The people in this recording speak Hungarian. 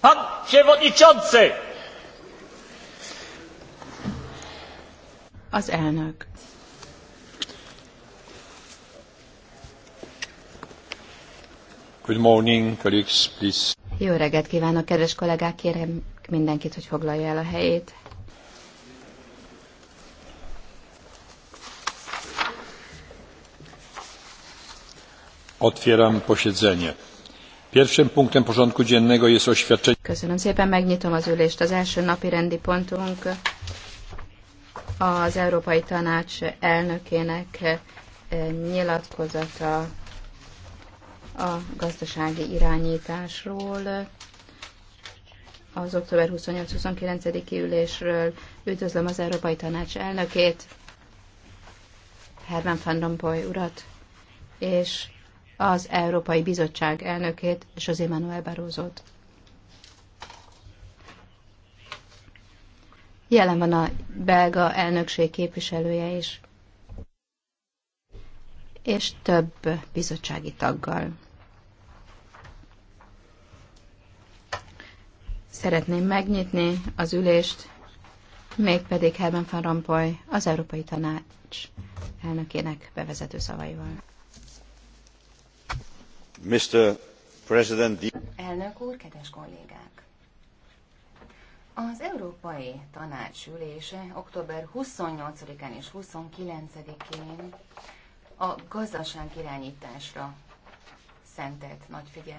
Pan Przewodniczący! Az elnök. Good morning, colleagues, please. Jó reggelt kívánok, kedves kollégák, kérem mindenkit, hogy foglalja el a helyét. Otwieram posiedzenie. Pierwszym punktem porządku dziennego jest oświadczenie... Köszönöm szépen, megnyitom az ülést. Az első napi rendi pontunk az Európai Tanács elnökének eh, nyilatkozata a gazdasági irányításról, az október 28-29-i ülésről. Üdvözlöm az Európai Tanács elnökét, Herman van Rompuy urat, és az Európai Bizottság elnökét, José Manuel Barózót. Jelen van a belga elnökség képviselője is, és több bizottsági taggal. Szeretném megnyitni az ülést, mégpedig Herben van Rompuy, az Európai Tanács elnökének bevezető szavaival. Elnök úr, kedves kollégák! Az Európai Tanács ülése október 28-án és 29-én a irányításra szentelt nagy figyelmet.